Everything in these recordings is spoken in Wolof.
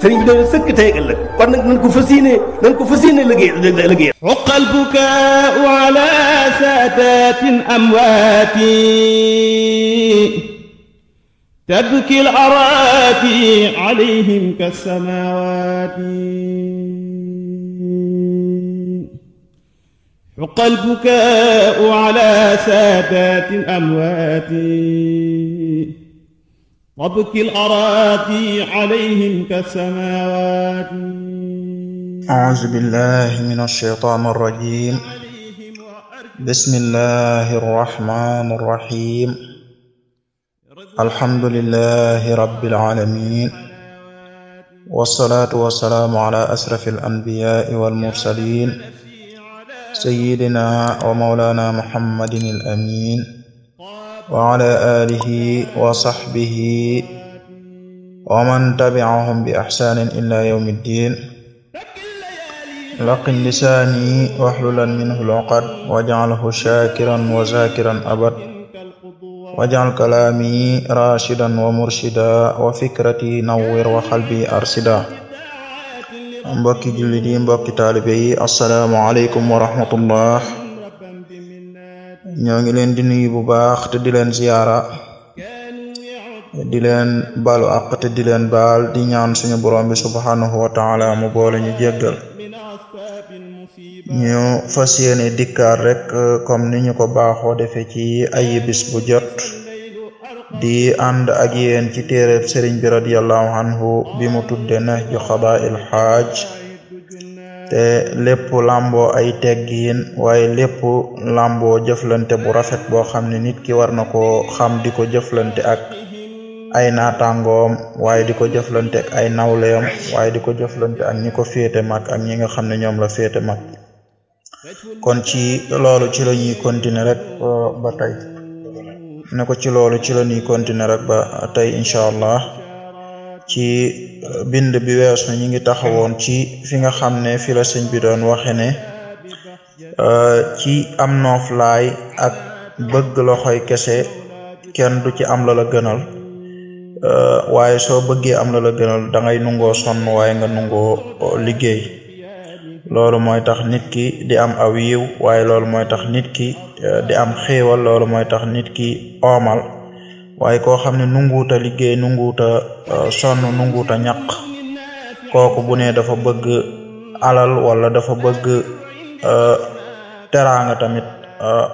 sëriñ bi daal sëkk tey ak ëllëg kon nag nañ ko fas yéene nañ ko fas yéene liggéey liggéey uqal bukaau ala saadatin amwaati tabki al araati alayhim kasamawaati حق البكاء على سادات أمواتي وابكي الأراضي عليهم كالسماوات أعوذ بالله من الشيطان الرجيم بسم الله الرحمن الرحيم الحمد لله رب العالمين والصلاة والسلام على أشرف الأنبياء والمرسلين سيدنا ومولانا محمد الأمين wa ala alihi wa sahbihi wa man tabi'ahum bi ihsanin ila yawmi ddin laqin lisaani wahlulan minhu al-uqad waj'alhu shakiran wa zakiran abad wajal kalaami rashidan wa murshida wa fikrati nawwir wa xalbi arsida mbokki jullit yi mbokki taalibe yi assalaamu aleykum wa rahmatullah ñoo ngi leen di nuyu bu baax te di leen ziyaara di leen baalu àq te di leen baal di ñaan suñu borom bi subhaanahu wa mu boole ñu jéggal ñu fas yéene dikkaar rek euh, comme ni ñu ko baaxoo defe ci ay bu jot di ànd ak yéen ci téereb sëriñ bi radiallahu anhu bi mu tudde Nahju Qadaa'il Haaj te lépp lambo ay teggiin waaye lépp lambo jëflante bu rafet boo xam ne nit ki war na ko xam di ko jëflante ak ay naataangoom waaye di ko jëflante ak ay nawleem waaye di ko jëflante ak ñi ko féete mag ak ñi nga xam ne ñoom la féete mag kon ci loolu ci la ñuy continuer rek uh, ba tey ne ko ci loolu ci la ñuy continuer rek ba tey incha allah ci euh, bind bi weesu ñi ngi taxawoon ci fi nga xam ne fi la sëñ bi doon waxe ne euh, ci am nooflaay ak bëgg loxoy kese kenn du ci am lala la gënal euh, waaye soo bëggee am la la gënal da ngay sonn waaye nga nungoo liggéey loolu mooy tax nit ki di am aw yiw waaye loolu mooy tax nit ki di am xéewal loolu mooy tax nit ki oomal waaye koo xam ne nunguuta liggéey nunguuta uh, sonn nunguuta ñaq kooku bu ne dafa bëgg alal wala dafa bëgg uh, teraanga tamit uh,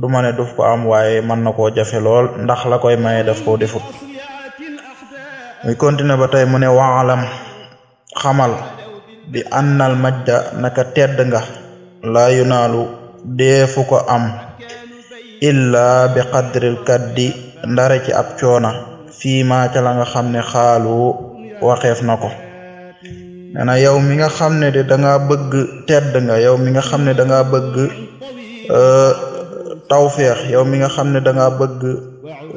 du ma ne duf ko am waaye mën na koo jafe lool ndax la koy maye daf koo defut muy continuer ba tey mu ne waalam xamal bi annal majda naka tedd nga laa yunaalu deefu ko am ila bi qadril kaddi ndara ci ab coona fi ma ca la nga xam ne xaalu waxeef na ko nee na yow mi nga xam ne de danga bëgg tedd nga yow mi nga xam ne danga bëgg euh, tawféex yow mi nga xam ne danga bëgg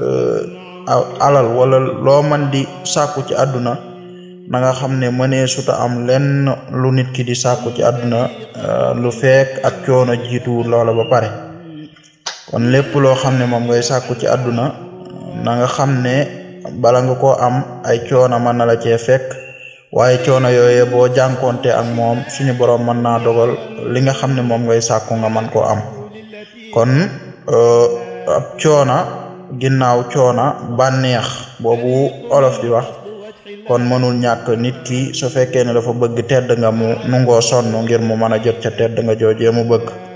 euh, alal wala loo man di sàkku ci àdduna na nga xam ne mënee suta am lenn lu nit ki di sàkku ci àdduna euh, lu feek ak coono jiitu loola ba pare kon lépp loo xam ne moom ngay sàkku ci àdduna na nga xam ne bala nga ko am ay coona mën na la cee fekk waaye coona yooye boo jànkoonte ak moom suñu borom mën naa dogal li nga xam ne moom ngay sàkku nga mën koo am kon euh, ab coona ginnaaw coona bànneex boobu olof di wax kon mënul ñàkk nit ki su fekkee ne dafa bëgg tedd nga mu nungoo sonn ngir mu mën a jot ca tedd nga joojee mu bëgg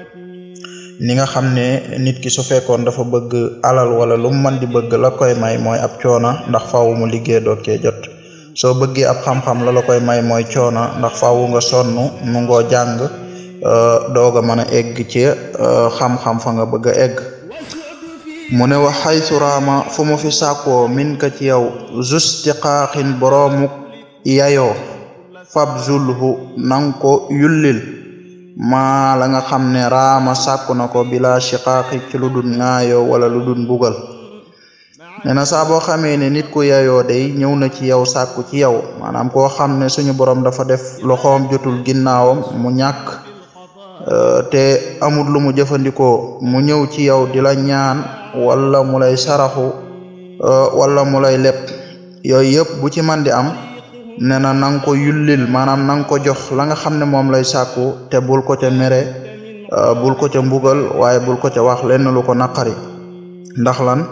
ni nga xam ne nit ki su fekkoon dafa bëgg alal wala lu mu di bëgg la koy may mooy ab coona ndax faaw mu liggéey doog cee jot soo bëggee ab xam-xam la la koy may mooy coona ndax fawu nga sonn mu ngoo jàng euh, doog a mën a egg ci euh, xam-xam fa nga bëgg a egg mu ne wax xaytu raama fu mu fi sàkkoo min ka ci yow justiqaaxin boroomuk yayoo fab zulhu nang ko yullil maa la nga xam ne raama sàkku na ko bila shiqaaqi ci lu dul ŋaayoo wala lu dul mbugal nee na saa boo xamee ne nit ku yayoo day ñëw na ci yow sàkku ci yow maanaam koo xam ne suñu borom dafa def loxoom jotul ginnaawam mu ñàkk euh, te amul lu mu jëfandikoo mu ñëw ci yow di la ñaan wala mu lay saraxu euh, wala mu lay lepp yooyu yëpp bu ci am nee na na nga ko maanaam na nga ko jox la xam ne moom lay sàkku te bul ko ca mere euh, bul ko ca mbugal waaye bul ko wax lenn lu ko naqari ndax lan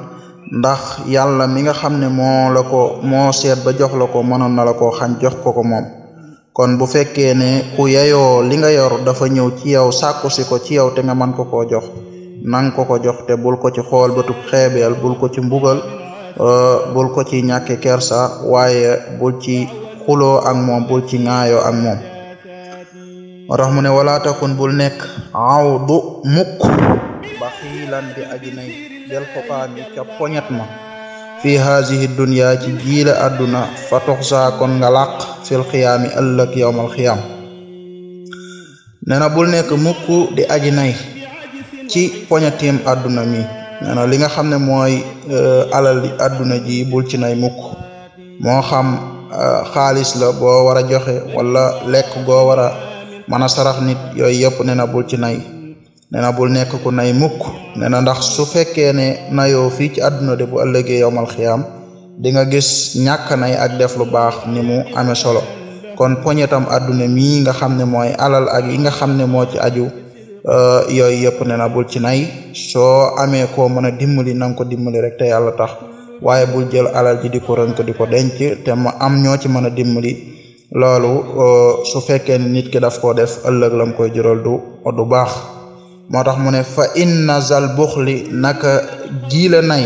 ndax yàlla mi nga xam ne moo la ko moo seet ba jox la ko mënoon na la koo xañ jox ko ko moom kon bu fekkee ne ku yeyoo li nga yor dafa ñëw ci yow sàkku si ko ci yow te nga mën ko koo jox na ko ko jox te bul ko ci xool bëtub xeebeel bul ko ci mbugal euh, bul ko ci ñàkke kersa waaye bul ci xuloo ak moom bul ci ŋaayoo ak moom moo tax ne wala takun bul nekk aw du mukk ba xiilan di aji nay del fokaan yi ca poñet ma fi haasihi dunya ci jiile àdduna fa tox saa kon nga làq fil xiyaami ëllëg yowmal xiyaam nee bul nekk mukk di aji nay ci poñetim àdduna mi nee na xam ne mooy euh, alal àdduna ji bul ci nay mukk moo xam Euh, xaalis la boo war a joxe wala lekk goo war a mën a sarax nit yooyu yëpp nee na bul ci nay nee na bul nekk ku nay mukk nee na ndax su fekkee ne nayoo fii ci àdduna de bu ëllëgee yowmal xiyaam di nga gis ñàkk nay ak def lu baax ni ame solo kon poñetam àdduna mii nga xam ne mooy alal ak yi nga xam ne moo ci aju euh, yooyu yëpp nee na bul ci nay soo amee koo mën a dimbali na ko dimbali rek te yàlla tax waaye bul jël alal ji di ko rënk ko denc te ma am ñoo ci mën a dimbali loolu su fekkee nit ki daf koo def ëllëg lam koy jural du du baax moo tax mu ne fa inna zal buxli naka jiila nay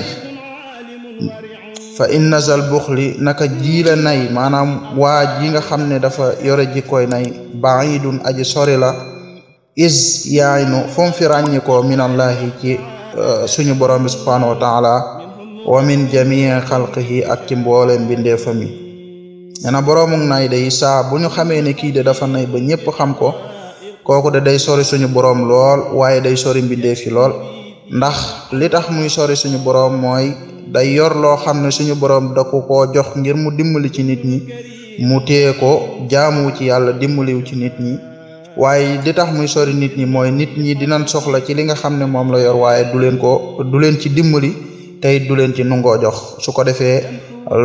fa inna zal buxli naka jiila maanaam waa ji nga xam ne dafa yore jikkooy nay baidun aji sori la is yaaynu fom fi ràññikoo minallahi ci suñu borom bi wa taala wa min jamii xalqihi ak ci mboole mbindee fami nee na boroomu nay day saa bu ñu xamee ne kii de dafa nay ba ñëpp xam ko kooku de day sori suñu boroom lool waaye day sori mbindee fi lool ndax li tax muy sori suñu boroom mooy day yor loo xam ne suñu boroom da ko jox ngir mu dimbali ci nit ñi mu téye ko jaamuwu ci yàlla dimbaliwu ci nit ñi waaye li tax muy sori nit ñi mooy nit ñi dinañ soxla ci li nga xam ne moom la yor waaye du leen ko du leen ci dimbali tey du leen ci nungoo jox su ko defee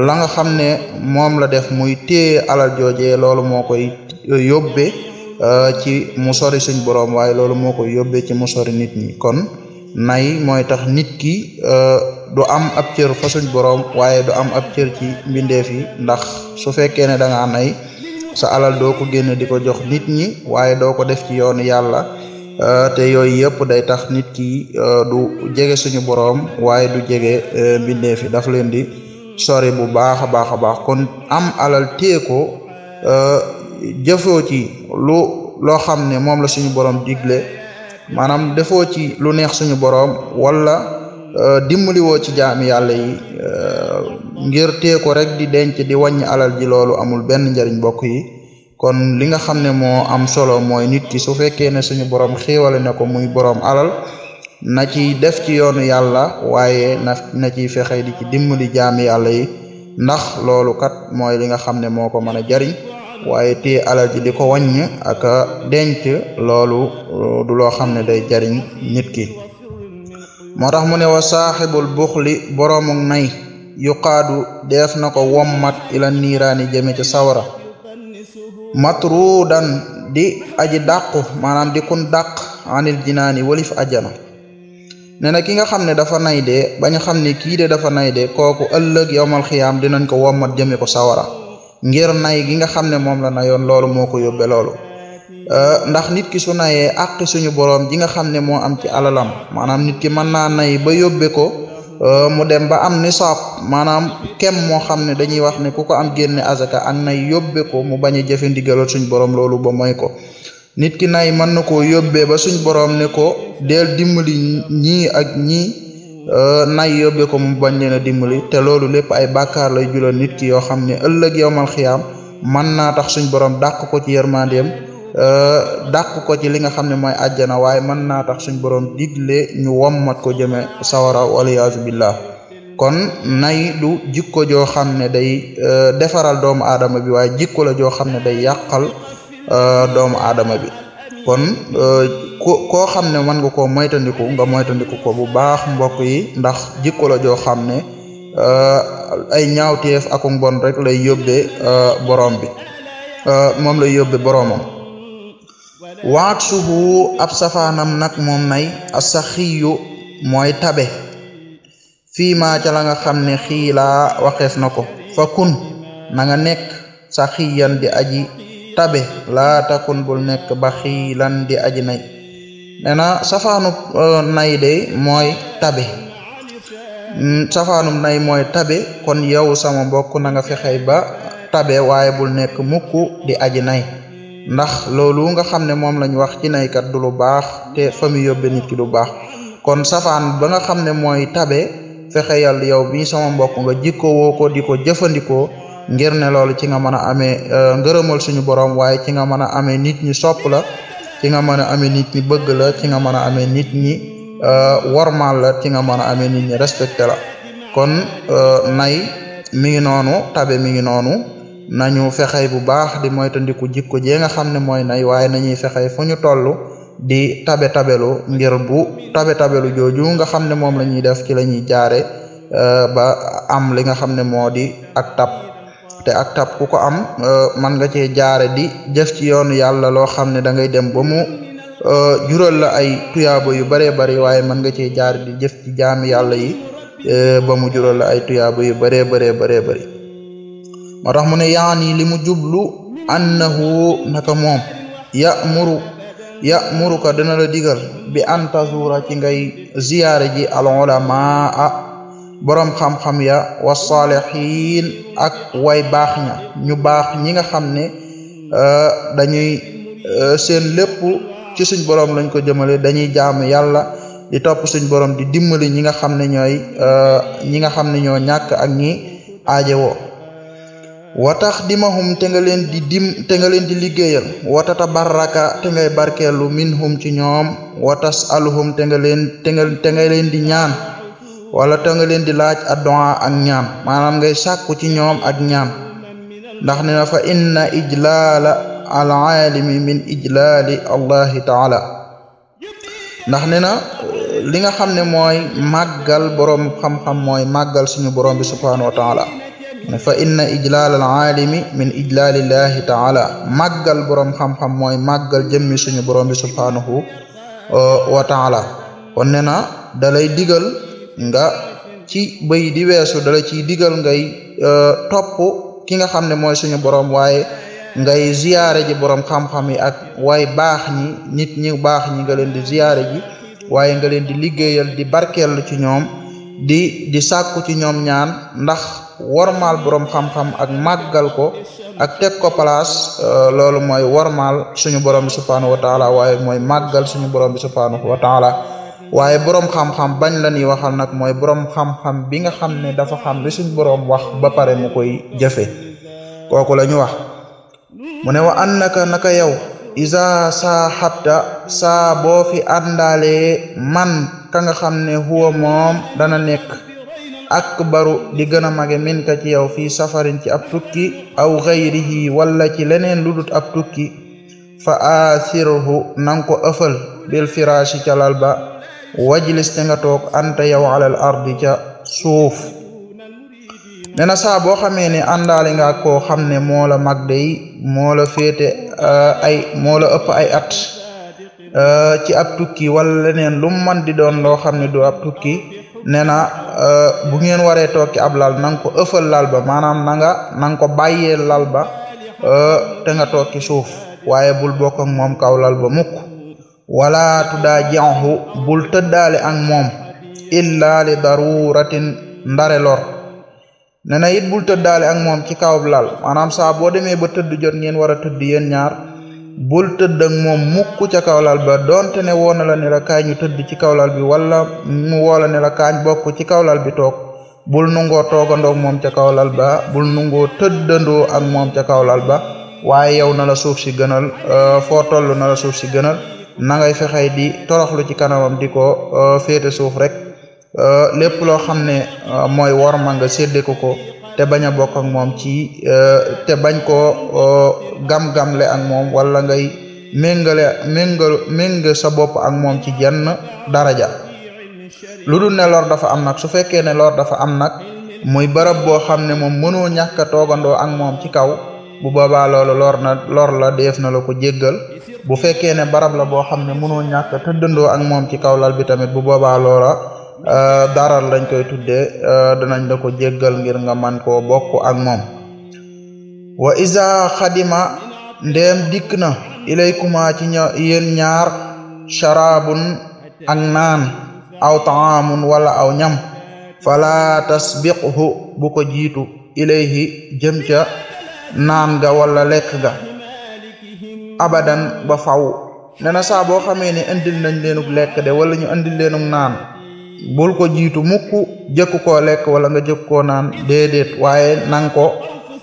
la xam ne moom la def muy tee alal joojee loolu moo koy yóbbe euh, ci mu sori suñ boroom waaye loolu moo koy yóbbee ci mu sori nit ñi kon nay mooy tax nit ki euh, du am ab cër fa suñ boroom waaye du am ab cër ci mbindeef yi ndax su fekkee ne danga ngaa nay sa alal doo ko génn di ko jox nit ñi waaye doo ko def ci yoon yàlla Euh, te yooyu yëpp day tax nit ki euh, du jege suñu boroom waaye du jege euh, mbindeef yi daf leen di sori bu baax a baax a baax kon am alal téye ko jëfoo ci lu loo xam ne moom la suñu boroom digle maanaam defoo ci lu neex suñu boroom wala dimbaliwoo ci jaam yàlla yi ngir téye ko rek di denc di wàññi alal ji loolu amul benn njariñ mbokk yi kon li nga xam ne moo am solo mooy nit ki su fekkee ne suñu borom xéewale na ko muy boroom alal na ci def ci yoonu yàlla waaye na na ciy fexe di ci dimbali jaam yàlla yi ndax loolu kat mooy li nga xam ne moo ko mën a jariñ waaye téye alal ji di ko wàññ ak denc loolu du loo xam ne day jariñ nit ki moo tax mu ne wa saaxibul buxli boroomu nay yuqaadu def na ko wommat ila niiraani jëme ca sawara matruudan di aji dàqu maanaam di kun dàq anil jinaani walif ajana nee na ki nga xam ne dafa nay dee bañ xam ne kii de dafa nay dee kooku ëllëg yowmal xiyaam dinañ ko wommat jëme ko sawara ngir nay gi nga xam ne moom la nayoon loolu moo ko yóbbe loolu euh, ndax nit ki su nayee àqi suñu boroom ji nga xam ne moo am ci alalam maanaam nit ki mën naa nay ba yóbbee ko Euh, mu dem ba am nisaab maanaam kem moo xam ne dañuy wax ne ku ko am génne azaka ak nay yóbbe mu bañ a jëfe ndigalal suñ borom loolu ba mooy ko nit ki nay mën na koo yóbbee ba suñ borom ne ko deel dimbali ñii ak ñii euh, nay yóbbe ko mu bañ leen a dimbali te loolu lépp ay bàkkaar lay jural nit ki yoo xam ne ëllëg yowmal xiyaam mën naa tax suñ borom dàq ko ci yërmandeem Euh, dàq ko ci li nga xam ne mooy àjjana waaye mën naa tax suñ borom digle ñu wom mat ko jëme sawara waliyaasu billah kon nay du jikko joo xam ne day euh, defaral doomu aadama bi waaye jikko la xam ne day yàqal euh, doomu aadama bi kon ko koo xam ne mën nga ko moytandiku nga moytandiku ko bu baax mbokk yi ndax jikko la joo xam ne ay ñaawteef ak mbon rek lay yóbbee borom bi moom lay yóbbee boromam. waat suhu ab safaanam nag moom nay asaxiyu mooy tabe fii maa ca la nga xam ne xiilaa waxees na ko fa kun na nga nekk saxiyan di aji tabe laa takun bul nekk ba xiilan di aji nay nee na e, nay de mooy tabe mm, safaanub nay mooy tabe kon yow sama mbokk na nga fexey ba tabe waaye bul nekk mukk di aji nay ndax loolu nga xam ne moom lañ wax ci naykat du lu baax te fa mu nit ki du baax kon safaan ba nga xam ne mooy tabe fexe yàlla yow bi sama mbokk nga jikko woo ko di ko jëfandikoo ngir ne loolu ci nga mën a amee euh, ngërëmal suñu borom waaye ci nga mën a amee nit ñi sopp la ci nga mën a amee nit ñi bëgg la ci nga mën a amee nit ñi euh, wormaal la ci nga mën a amee nit ñi respecté la kon euh, nay mi ngi noonu tabe mi ngi noonu nañu fexey bu baax di moytandiku jikko jee nga xam ne mooy nay waaye nañuy fexey fu ñu toll di tabe tabelu ngir bu tabe tabelu jooju nga xam ne moom la def ci la ñuy jaare euh, ba am li nga xam ne moo di ak tab te ak tab ku ko am euh, man nga cee jaare di jëf ci yoonu yàlla loo xam ne da ngay dem ba mu euh, jural la ay tuyaaba yu baree bari waaye man nga cee jaare di jëf ci yàlla yi ba mu jural la ay tuyaaba yu baree baree baree bari moo tax mu ne yaani li mu jublu annahu naka moom ya muru ya'muruka dana la digal bi anta tazuura ci ngay ziyaare ji al ulamaa borom xam-xam ya wa saalihin ak way baax ña ñu baax ñi nga xam ne euh, dañuy euh, seen lépp ci suñ borom lañ ko jëmale dañuy jaamu yàlla di topp suñ borom di dimbali ñi nga xam ne ñooy euh, ñi nga xam ne ñoo ñàkk ak ñi aajewoo watax dimahum te nga leen di dim te leen di liggéeyal watata baraka te ngay barkeelu minhum ci ñoom watas aluhum te nga leen te nga leen di ñaan wala te nga leen di laaj a addu'a ak ñaan maanaam nga sàkku ci ñoom ak ñaan ndax ne na fa inna ijlaala al aalimi min ijlaali allahi taala ndax ne na li nga xam ne mooy màggal boroom xam-xam mooy màggal suñu borom bi subhanahu wa taala fa inna ijlaal al aalimi min ijlaalillahi taala màggal boroom xam-xam mooy màggal jëmmi suñu borom bi subhaanahu uh, wa taala kon ne na dalay diggal nga ci bëy di weesu dala ci diggal ngay uh, topp ki nga xam ne mooy suñu boroom waaye ngay ziyaare ji boroom xam-xam yi ak waaye baax ñi nit ñi baax ñi nga leen di ziyaare ji waaye nga leen di liggéeyal di barkeel ci ñoom di di sàkku ci ñoom ñaan ndax wormaal borom xam-xam ak màggal ko ak teg ko place euh, loolu mooy wormaal suñu borom bi subhaanahu wa waaye mooy màggal suñu borom bi subhaanahu wa taala waaye borom xam-xam bañ la ñuy waxal nag mooy borom xam-xam bi nga xam ne dafa xam li suñ borom wax ba pare mu koy jëfe kooku la ñu wax mu ne wa annaka naka yow isa saa xabta saa boo fi àndaalee man ka nga xam ne huwa moom dana nekk akbaru di gën a mage min ci yow fii safarin ci ab tukki aw xayrihi wala ci leneen lu dut ab tukki fa aasirhu nang ko ëfal bil firaashi calal lal ba wajlis te nga toog anta yow alal ardi ca suuf ne na saa boo xamee ne àndaale nga koo xam ne moo la mag day moo la féete eh, ay moo ëpp ay at eh, ci ab tukki wala leneen lu man di doon loo xam ne du ab tukki ne Euh, bu ngeen waree toog ci ab lal na nga ko ëffal lal ba maanaam na nga na nga ko bàyyee lal ba euh, te nga ci suuf waaye bul bokk ak moom kaw lal ba mukk wala tuddaa jenxu bul tëddaale ak moom illa li daruratin ndare lor ne na it bul tëddaale ak moom ci kaw lal maanaam saa boo demee ba tëdd jot ngeen war a tëdd yéen bul tëdd moom mukk ca kawlal ba donte ne woona la ne la kaay ñu tëdd ci kawlal bi wala mu woola ne la kaañ bokk ci kawlal bi toog bul nungoo toogandoo moom ca kawlal ba bul nungoo tëddandoo ak moom ca kawlal ba waaye yow nala suuf si gënal euh, foo toll na suuf si gënal nangay ngay fexey di toroxlu ci kanamam di ko euh, féete suuf rek euh, lépp loo xam ne mooy worma nga séddee ko ko te bañ a bokk moom ci euh, te bañ koo euh, gam-gamle ak moom wala ngay méngale méngal méng sa bopp ak moom ci jenn daraja lu dul ne lor dafa am nag su fekkee ne lor dafa am nag muy barab boo xam ne moom mënoo ñàkk a toogandoo ak moom ci kaw bu boobaa loolu lor na lor la def na la ko jéggal bu fekkee ne barab la boo xam ne mënoo ñàkk a tëddandoo ak moom ci kaw lal bi tamit bu boobaa loola Euh, dara lañ koy tudde euh, danañ la ko jéggal ngir nga man koo bokk ak moom wa isa xadima ndéem dikk na ilaykuma ci ña yéen ñaar sharabun ak naan aw taamun wala aw ñam fala tasbiqhu bu ko jiitu ilayhi jëm ca naan ga wala lekk ga abadan ba faw nena saa boo xamee ne indil nañ leenug lekk de wala ñu indil leenug naan bul ko jiitu mukk jëkk koo lekk wala nga jëkk koo naan déedéet waaye nang ko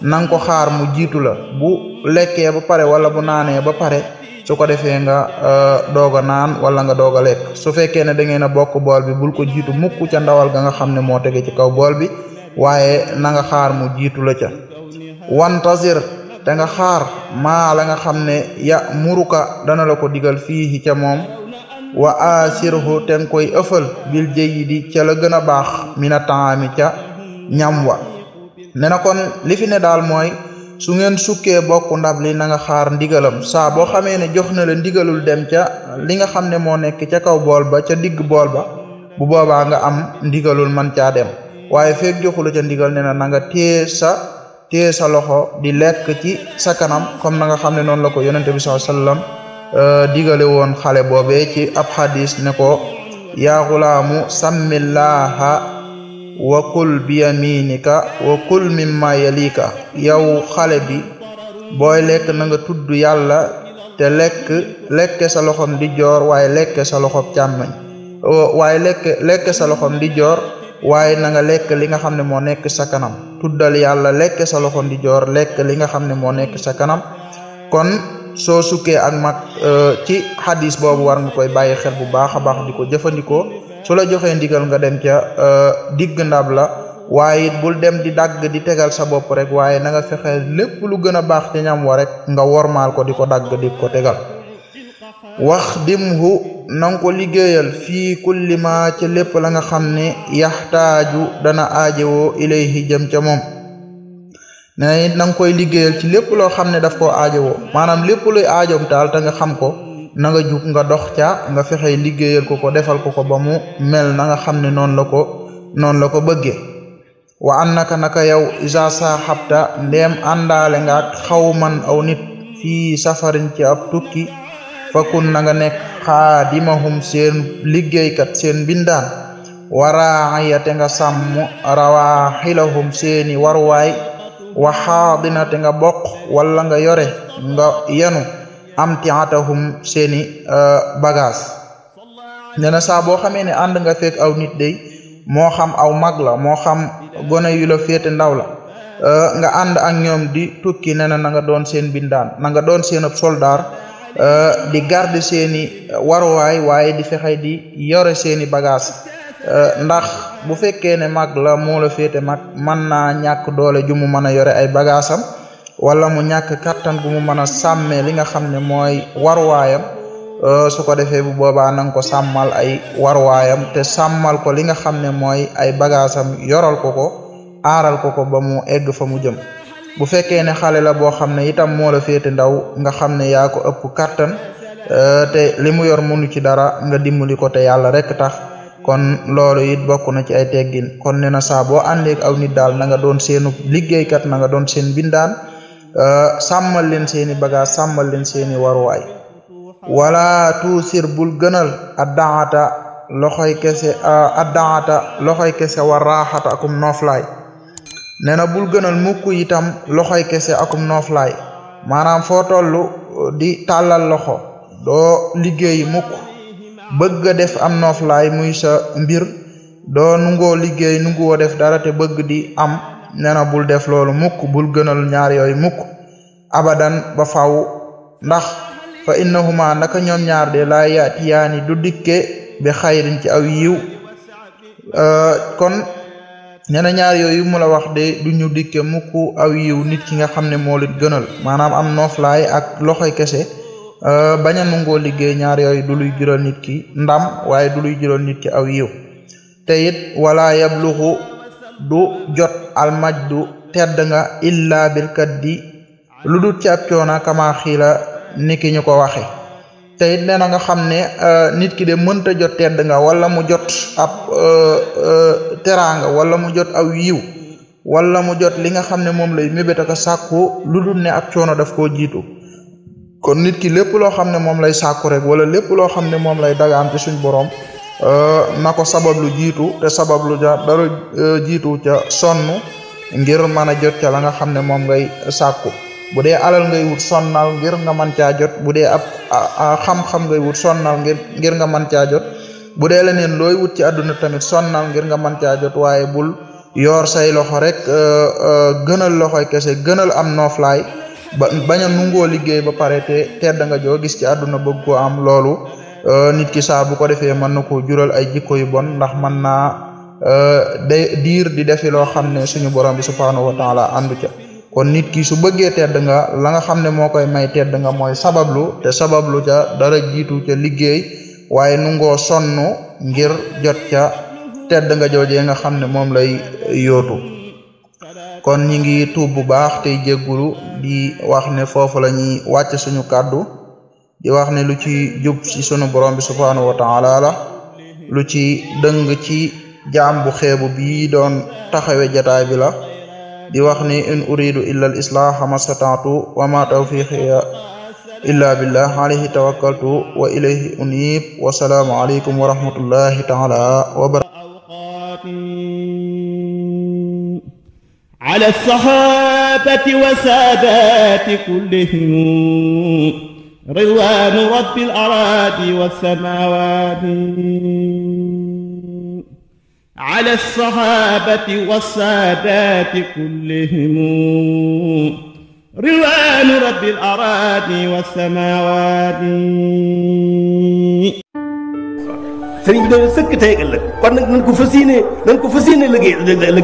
nang ko xaar mu jiitu la bu lekkee ba pare wala bu naanee ba pare su ko defee nga euh, doog a naan wala nga doog a lek su fekkee ne da ngeen a bokk bool bi bul ko jiitu mukk ca ndawal ga nga xam ne moo tege ci kaw bool bi waaye na nga xaar mu jiitu la ca wantazir te nga xaar maa nga xam ne ya muruka dana la ko digal fii ca moom wa asirhu ten koy ëffal bil di ca la gën a baax mi mina taami ca ñam wa ne na kon li fi ne daal mooy su ngeen sukkee bokk ndab li na nga xaar ndigalam saa boo xamee ne jox na la ndigalul dem ca li nga xam ne moo nekk ca kaw bool ba ca digg bool ba bu boobaa nga am ndigalul man caa dem waaye feeg joxula ca ndigal ne na na nga téye sa téye sa loxo di lekk ci sa kanam comme na nga xam ne noonu la ko yonente bi sallallahu alayhi Euh, digale woon xale boobe ci ab xadis ne ko yaa xulaamu sàmmillaaha wa kul bi yaminika wa kul mimma yalika yow xale bi booy lekk na nga tudd yàlla te lekk lekke sa loxom di joor waaye lekke sa loxom càmmoñ waaye lekk lekk sa loxom di joor waaye na nga lekk li nga xam ne moo nekk sa kanam tuddal yàlla lekk sa di joor lekk li nga xam ne moo nekk sa kanam kon soo sukkee ak mag euh, ci xadis boobu war nga koy bàyyi xel bu baax a baax di ko jëfandikoo su la joxee ndigal nga dem ca euh, digg ndab la waaye bul dem di dagg di tegal sa bopp rek waaye na nga lépp lu gën a baax ci ñam wa rek nga wormaal ko di ko dagg di ko tegal wax dimhu nanga ko liggéeyal fii kulli ma ca lépp la nga xam ne yaxtaaju dana aajowoo ilayhi jëm ca moom nee it na koy liggéeyal ci lépp loo xam ne daf koo aajowoo maanaam lépp luy aajoom taal ta nga xam ko nanga nga nga dox ca nga fexe liggéeyal ko ko defal ko ko ba mu mel na nga xam ne noonu la ko noonu la ko bëggee wa annaka naka yow isa saaxabta ndeem àndaale nga xaw man aw nit fii safarin ci ab tukki fakun na nga nekk xaadimahum seen liggéeykat seen bindaan waraaya te nga sàmm rawaxilahum seeni warwaay wa xaadina te nga bokk wala nga yore nga yenu amtiatahum seeni euh, bagage nee na saa boo xamee ne ànd nga fekk aw nit day moo xam aw mag la moo xam gone yu féete ndaw la euh, nga ànd ak ñoom di tukki nee na na nga doon seen bindaan na nga doon seen ab soldaar euh, di garde seeni waruwaay waaye di fexey di yore seeni bagage Euh, ndax bu fekkee ne mag la moo la féete mag mën naa ñàkk doole ju mu mën a yore ay bagaasam wala mu ñàkk kattan gu mu mën a sàmmee li nga xam ne mooy waruwaayam euh, su ko defee bu boobaa na ko sàmmal ay waruwaayam te sàmmal ko li nga xam ne mooy ay bagaasam yoral ko ko aaral ko ko ba mu egg fa mu jëm bu fekkee ne xale la boo xam ne itam moo la féete ndaw nga xam ne yaa ko ëpp kattan euh, te li mu yor mënu ci dara nga dimbali ko te yàlla rek tax kon loolu it bokk na ci ay teggin kon nee na saa boo àndeek aw nit daal nanga nga doon seenu liggéeykat na nga doon seen bindaan euh, sàmmal leen seeni baga sàmmal leen seeni waruwaay wala tuusir bul gënal addaata loxoy kese euh, addaata loxoy kese war raaxata akum nooflaay nee na bul gënal mukk itam loxoy kese akum noflay maanaam foo toll di tàllal loxo doo liggéeyi mukk bëgg a def am nooflaay muy sa mbir doo nungoo liggéey nunguwoo def dara te bëgg di am nee bul def loolu mukk bul gënal ñaar yooyu mukk abadan ba faw ndax fa innahuma naka ñoom ñaar de laa yaatiyaani du dikke bi xayrin ci aw yiw euh, kon nee ñaar yooyu mu la wax de du ñu dikke mukk aw yiw nit ki nga xam ne moo leen gënal maanaam am nooflaay ak loxoy kese Euh, bañ a nangoo liggéey ñaar yooyu du luy jural nit ki ndam waaye du luy jural nit ki aw yiw te it wala yabluxu du jot almajdu du nga illa bil kaddi lu dut ci ab coona kama xiila niki ñu ko waxe te it na nga xam ne euh, nit ki de mënta jot tedd wala mu jot ab euh, teraanga wala mu jot aw yiw wala mu jot li nga xam ne moom lay mébéta ko sàkku lu dul ne ab coono daf koo jiitu kon nit ki lépp loo xam ne moom lay sàkku rek wala lépp loo xam ne moom lay dagaan ci suñ borom euh, na ko sabab lu jiitu te sabab lu ja dara euh, jiitu ca sonn ngir mën a jot ca la nga xam ne moom ngay sàkku bu dee alal ngay wut sonnal ngir nga mën caa jot bu dee ab xam-xam ngay wut sonnal ngir ngir nga mën caa jot bu dee leneen looy wut ci àdduna tamit son sonnal ngir nga mën caa jot waaye bul yor say loxo rek euh, gënal loxoy kese gënal am nooflaay ba bañ a nungoo liggéey ba pare te tedda nga joo gis ci àdduna bëgg ko am loolu euh, nit ki saa bu ko defee mën na koo jural ay jikko yu bon ndax man naa euh, day diir di defi loo xam ne suñu borom bi subhaanahu wa taala àndu ca kon nit ki su bëggee tedd nga la nga xam ne moo koy may tedd mooy sabablu te sabablu ca dara jiitu ca liggéey waaye nu ngoo ngir jot ca tedd nga joojee nga xam ne moom lay yootu kon ñi ngi tuub bu baax tey jéggulu di wax ne foofu la wàcc suñu kàddu di wax ne lu ci jub ci sunu borom bi subhaanahu wa taala la lu ci dëng ci jaam bu xeebu bii doon taxawe jataay bi la di wax ne in uridu illa al islaaha masataatu wa ma tawfiqiya illa billah alayhi tawakkaltu wa ilayhi unib wa salaamu aleykum wa rahmatullahi taala ala saxaabati wa saadaati kullihim ridwaanu rabbil araadi wa samaawaati ala saxaabati wa saadaati kullihim ridwaanu rabbil araadi wa samaawaati. sëriñ bi de sëkk tey ëllëg kon nag nañ ko fas yéene nañ ko fas yéene liggéey liggéey.